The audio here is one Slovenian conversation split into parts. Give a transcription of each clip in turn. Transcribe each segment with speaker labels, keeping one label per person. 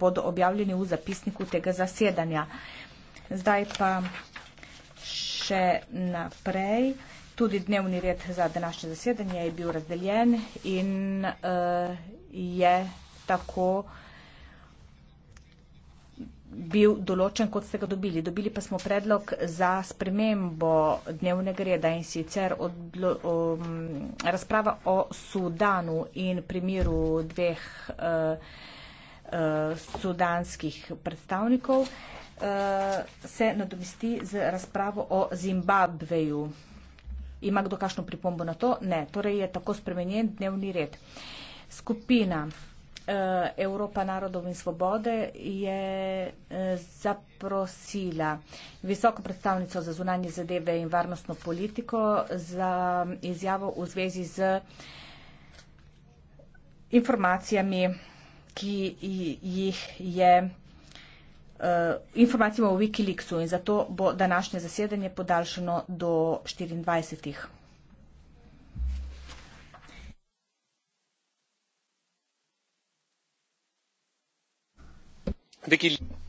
Speaker 1: bodo objavljeni v zapisniku tega zasedanja. Zdaj pa še naprej. Tudi dnevni red za današnje zasedanje je bil razdeljen in uh, je tako bil določen, kot ste ga dobili. Dobili pa smo predlog za spremembo dnevnega reda in sicer od, um, razprava o Sudanu in primiru dveh. Uh, sudanskih predstavnikov, eh, se nadomesti z razpravo o Zimbabveju. Ima kdo kakšno pripombo na to? Ne. Torej je tako spremenjen dnevni red. Skupina eh, Evropa narodov in svobode je eh, zaprosila visoko predstavnico za zunanje zadeve in varnostno politiko za izjavo v zvezi z informacijami ki jih je eh, informacijama v Wikileaksu in zato bo današnje zasedanje podaljšeno do 24.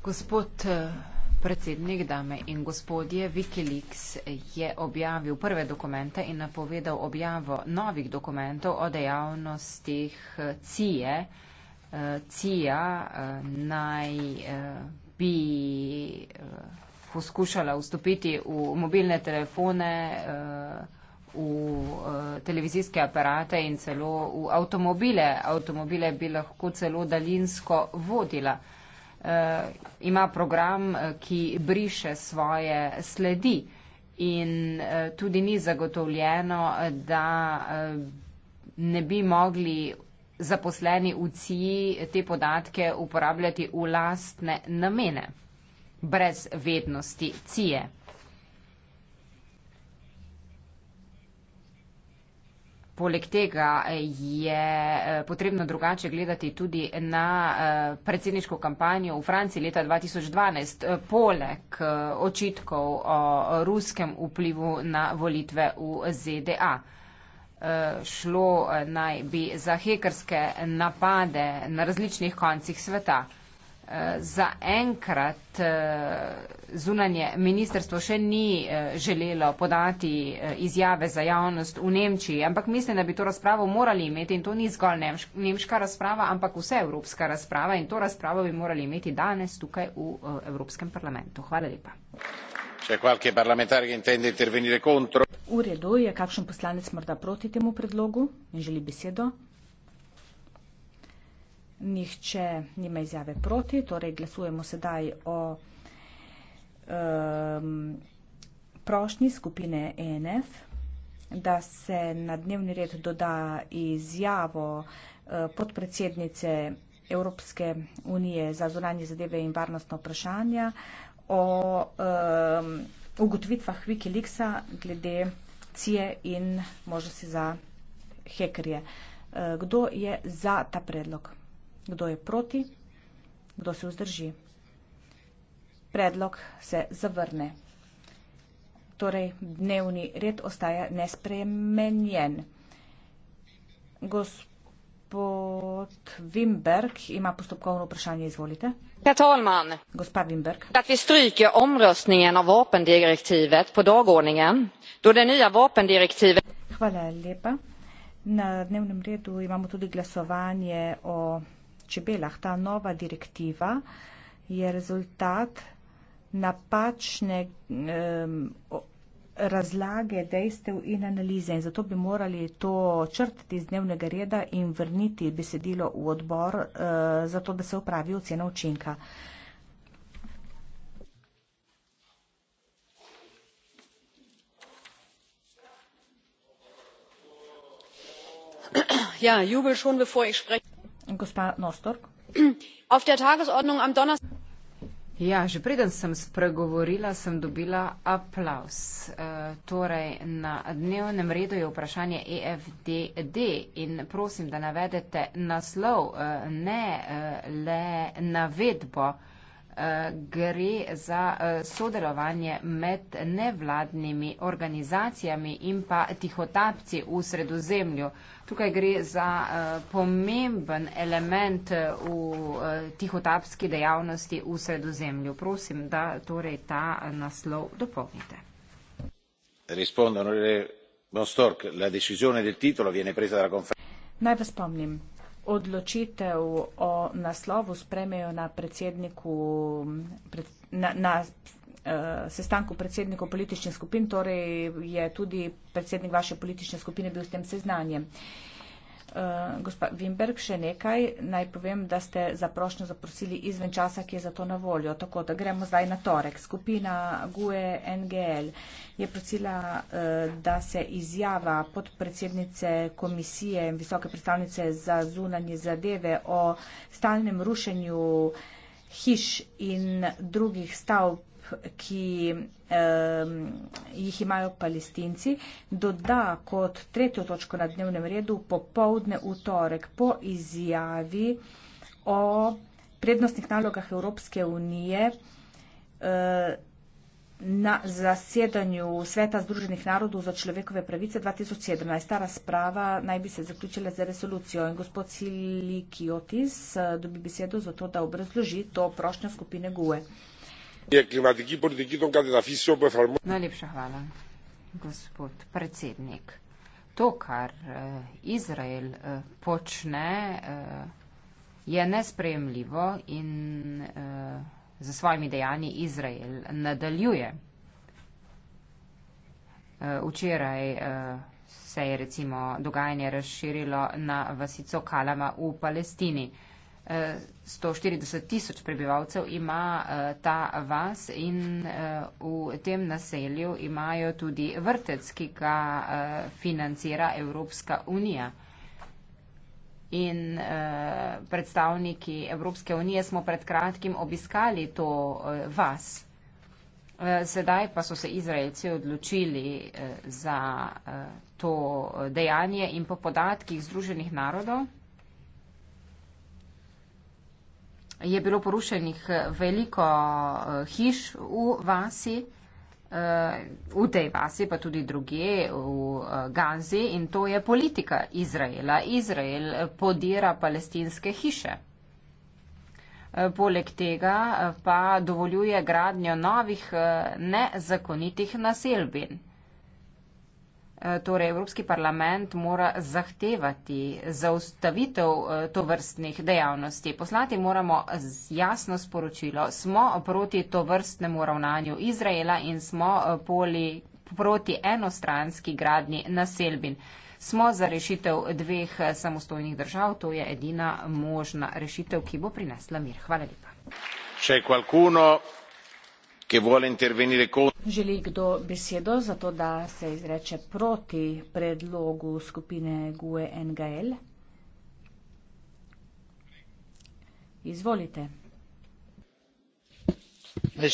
Speaker 2: Gospod eh, predsednik, dame in gospodje, Wikileaks je objavil prve dokumente in napovedal objavo novih dokumentov o dejavnostih eh, CIE, Cija eh, naj eh, bi eh, poskušala vstopiti v mobilne telefone, v televizijske aparate in celo v avtomobile. Avtomobile bi lahko celo daljinsko vodila. Ima program, ki briše svoje sledi in tudi ni zagotovljeno, da ne bi mogli zaposleni v CIA te podatke uporabljati v lastne namene, brez vednosti CIA. E. Poleg tega je eh, potrebno drugače gledati tudi na eh, predsedniško kampanjo v Franciji leta 2012, eh, poleg očitkov o ruskem vplivu na volitve v ZDA. Eh, šlo eh, naj bi za hekerske napade na različnih koncih sveta. Eh, za enkrat zunanje ministrstvo še ni želelo podati izjave za javnost v Nemčiji, ampak mislim, da bi to razpravo morali imeti in to ni zgolj nemška razprava, ampak vse evropska razprava in to razpravo bi morali imeti danes tukaj v Evropskem parlamentu. Hvala lepa.
Speaker 3: Če qualche parlamentare che intende intervenire contro.
Speaker 1: V redu je kakšen poslanec morda proti temu predlogu in želi besedo. Nihče nima izjave proti, torej glasujemo sedaj o um, prošnji skupine ENF, da se na dnevni red doda izjavo uh, podpredsednice Evropske unije za zunanje zadeve in varnostno vprašanje o um, ugotovitvah Wikileaksa glede CIE in možnosti za hekerje. E, kdo je za ta predlog? Kdo je proti? Kdo se vzdrži? Predlog se zavrne. Torej, dnevni red ostaja nespremenjen. Gospod Gospod Wimberg ima postopkovno vprašanje, izvolite. Herr talman, Gospa Wimberg.
Speaker 2: att vi stryker omröstningen av vapendirektivet på dagordningen då det nya vapendirektivet... Hvala
Speaker 1: lepa. Na dnevnem redu imamo tudi glasovanje o čebelah. Ta nova direktiva je rezultat napačne um, razlage dejstev in analize in zato bi morali to črtati iz dnevnega reda in vrniti besedilo v odbor, eh, zato da se upravi ocena učinka. Ja,
Speaker 2: ja, že preden sem spregovorila, sem dobila aplavz. Eh, torej na dnevnem redu je vprašanje EFDD in prosim, da navedete naslov, eh, ne eh, le navedbo, eh, gre za sodelovanje med nevladnimi organizacijami in pa tihotapci v sredozemlju. Tukaj gre za pomemben element v tihotapski dejavnosti v sredozemlju. Prosim, da torej ta naslov dopolnite
Speaker 1: naj vas spomnim odločitev o naslovu sprejmejo na predsedniku pred, na, na eh, sestanku predsednikov političnih skupin, torej je tudi predsednik vaše politične skupine bil s tem seznanjen. Eh, gospa Wimberg, še nekaj. Naj povem, da ste za prošnjo zaprosili izven časa, ki je za to na voljo. Tako da gremo zdaj na torek. Skupina GUE NGL je prosila, eh, da se izjava podpredsednice komisije in visoke predstavnice za zunanje zadeve o stalnem rušenju hiš in drugih stavb ki um, jih imajo palestinci, doda kot tretjo točko na dnevnem redu popovdne utorek po izjavi o prednostnih nalogah Evropske unije eh, na zasedanju Sveta Združenih narodov za človekove pravice 2017. Ta razprava naj bi se zaključila za resolucijo. In gospod Silikiotis eh, dobi besedo za to, da obrazloži to prošnjo skupine GUE. Hvala
Speaker 3: unije klimatiki politiki των καταδαφίσεων που εφαρμόζουν.
Speaker 1: Najlepša
Speaker 2: hvala, gospod predsednik. To, kar eh, Izrael eh, počne, eh, je nespremljivo in za svojimi dejanji Izrael nadaljuje. Včeraj se je recimo dogajanje razširilo na vasico Kalama v Palestini. 140 tisoč prebivalcev ima eh, ta vas in eh, v tem naselju imajo tudi vrtec, ki ga eh, financira Evropska unija. In predstavniki Evropske unije smo pred kratkim obiskali to vas. Sedaj pa so se Izraelci odločili za to dejanje in po podatkih Združenih narodov. je bilo porušenih eh, veliko eh, hiš v vasi, eh, v tej vasi pa tudi druge v Gazi in to je politika Izraela. Izrael podira palestinske hiše. Poleg tega pa dovoljuje gradnjo novih nezakonitih naselbin. Eh, torej Evropski parlament mora zahtevati zaustavitev eh, to vrstnih dejavnosti. Poslati moramo jasno sporočilo, smo proti to vrstnemu ravnanju Izraela in smo eh, poli, proti enostranski gradni naselbin. Smo za rešitev dveh samostojnih držav, to je edina možna rešitev, ki bo prinesla mir. Hvala lepa
Speaker 3: che vuole intervenire contro.
Speaker 1: Želi kdo besedo za to, da se izreče proti predlogu skupine GUE NGL? Izvolite. Euh,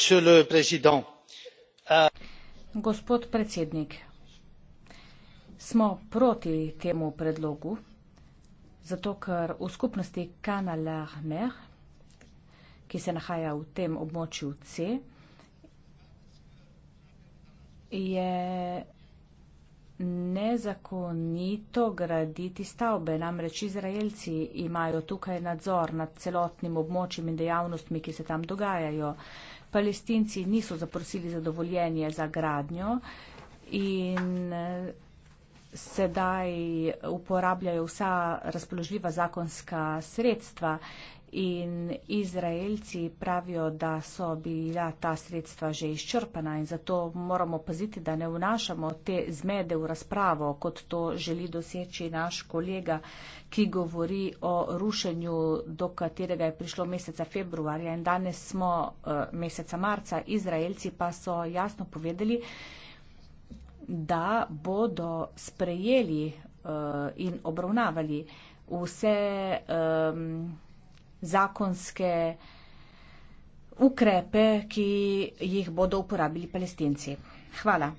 Speaker 1: Gospod predsednik, smo proti temu predlogu, zato ker v skupnosti Kanal Armer, ki se nahaja v tem območju C, je nezakonito graditi stavbe. Namreč Izraelci imajo tukaj nadzor nad celotnim območjem in dejavnostmi, ki se tam dogajajo. Palestinci niso zaprosili za dovoljenje za gradnjo in eh, sedaj uporabljajo vsa razpoložljiva zakonska sredstva in Izraelci pravijo, da so bila ta sredstva že izčrpana in zato moramo paziti, da ne vnašamo te zmede v razpravo, kot to želi doseči naš kolega, ki govori o rušenju, do katerega je prišlo meseca februarja in danes smo eh, meseca marca. Izraelci pa so jasno povedali, da bodo sprejeli eh, in obravnavali vse. Um, zakonske ukrepe, ki jih bodo uporabili palestinci. Hvala.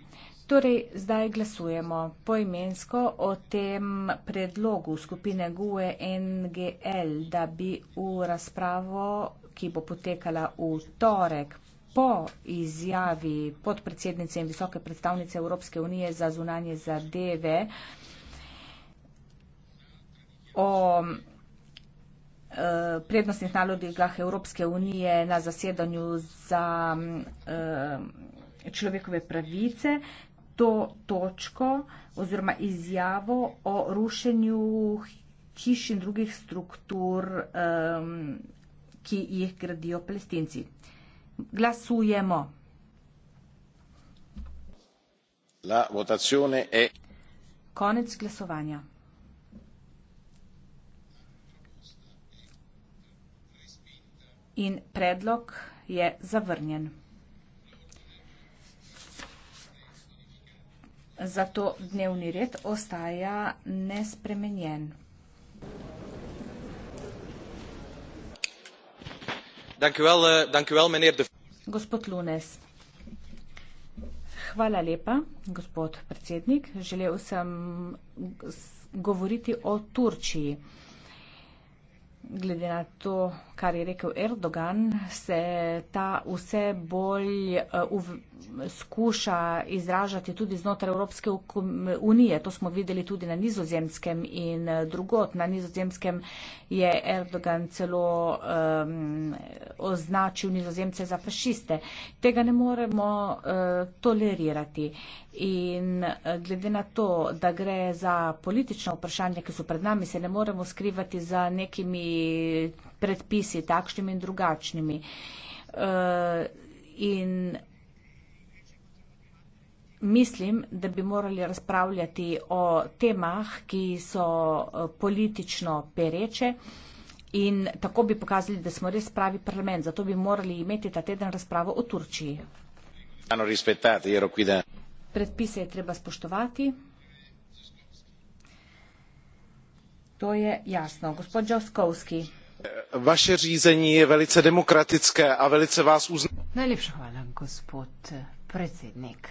Speaker 1: Torej, zdaj glasujemo poimensko o tem predlogu skupine GUE NGL, da bi v razpravo, ki bo potekala v torek po izjavi podpredsednice in visoke predstavnice Evropske unije za zunanje zadeve, o Eh, prednostnih nalogah Evropske unije na zasedanju za eh, človekove pravice to točko oziroma izjavo o rušenju hiš in drugih struktur, eh, ki jih gradijo palestinci. Glasujemo.
Speaker 3: La votazione è...
Speaker 1: Konec glasovanja. in predlog je zavrnjen. Zato dnevni red ostaja nespremenjen.
Speaker 2: Dankjewel, eh, dankjewel, de...
Speaker 1: Gospod Lunes. Hvala lepa, gospod predsednik. Želel sem govoriti o Turčiji glede na to, kar je rekel Erdogan, se ta vse bolj eh, skuša izražati tudi znotraj Evropske unije. To smo videli tudi na nizozemskem in eh, drugot. Na nizozemskem je Erdogan celo um, označil nizozemce za fašiste. Tega ne moremo uh, tolerirati. In glede na to, da gre za politično vprašanje, ki so pred nami, se ne moremo skrivati za nekimi predpisi, takšnimi in drugačnimi. Eh, in mislim, da bi morali razpravljati o temah, ki so eh, politično pereče. In tako bi pokazali, da smo res pravi parlament. Zato bi morali imeti ta teden razpravo o Turčiji. Predpise je treba spoštovati. To je jasno. Gospod Džoskovski.
Speaker 3: Vaše řízení je velice demokratické a velice vás uzná...
Speaker 1: Najlepša hvala, gospod
Speaker 3: predsednik.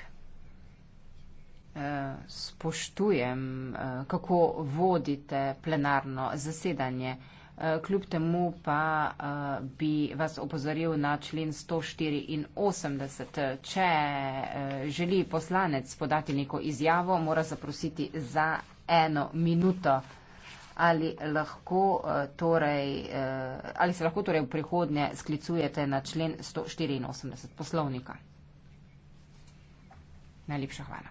Speaker 2: E, spoštujem, e, kako vodite plenarno zasedanje. E, kljub temu pa bi vas opozoril na člen 184. Če želi poslanec podati neko izjavo, mora zaprositi za eno minuto ali, lahko, eh, torej, eh, ali se lahko torej v prihodnje sklicujete na člen 184 poslovnika. Najlepša hvala.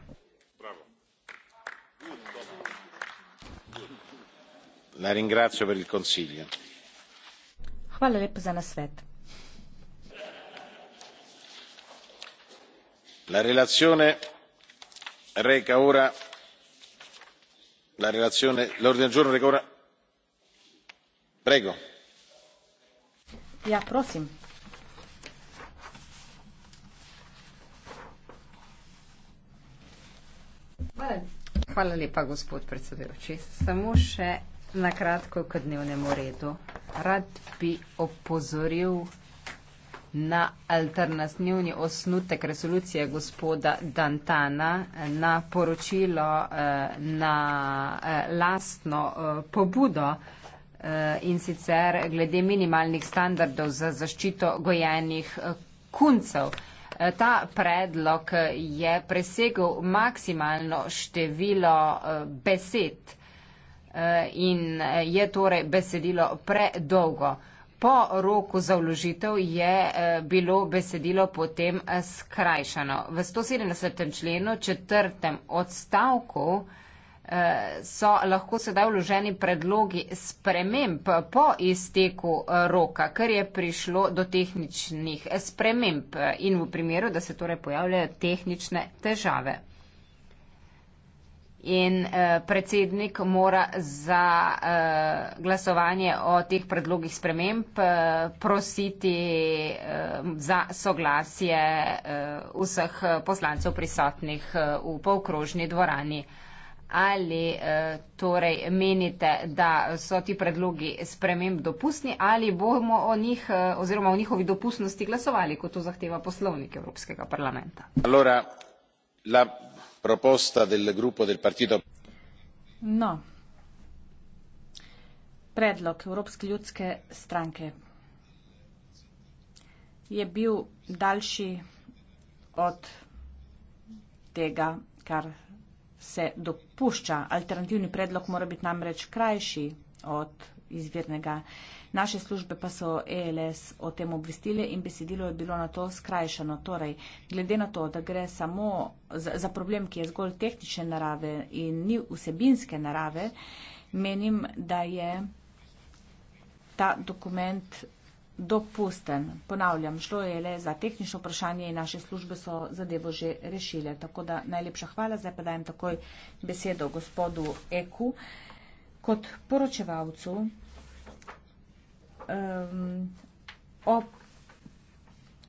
Speaker 1: Hvala lepa za nasvet.
Speaker 3: La relazione reca ora l'ordine del giorno reca una
Speaker 1: ja,
Speaker 2: hvala lepa gospod predsedujoči samo še na kratko k dnevnemu redu rad bi opozoril na alternativni osnutek resolucije gospoda Dantana, na poročilo, eh, na eh, lastno eh, pobudo in sicer glede minimalnih standardov za zaščito gojenih kuncev. Ta predlog je presegel maksimalno število besed in je torej besedilo predolgo. Po roku za vložitev je eh, bilo besedilo potem eh, skrajšano. V 170. členu, četrtem odstavku, eh, so lahko sedaj vloženi predlogi sprememb po izteku roka, ker je prišlo do tehničnih sprememb in v primeru, da se torej pojavljajo tehnične težave in eh, predsednik mora za eh, glasovanje o teh predlogih sprememb eh, prositi eh, za soglasje eh, vseh poslancev prisotnih eh, v polkrožni dvorani. Ali eh, torej menite, da so ti predlogi sprememb dopustni ali bomo o njih eh, oziroma o njihovi dopustnosti glasovali, kot to zahteva poslovnik Evropskega parlamenta?
Speaker 3: Allora la proposta del gruppo del partito
Speaker 1: no predlog evropske ljudske stranke je bil daljši od tega kar se dopušča alternativni predlog mora biti namreč krajši od izvirnega. Naše službe pa so ELS o tem obvestile in besedilo je bilo na to skrajšano. Torej, glede na to, da gre samo za, za problem, ki je zgolj tehnične narave in ni vsebinske narave, menim, da je ta dokument dopusten. Ponavljam, šlo je le za tehnično vprašanje in naše službe so zadevo že rešile. Tako da najlepša hvala, zdaj pa dajem takoj besedo gospodu Eku kot poročevalcu um, ob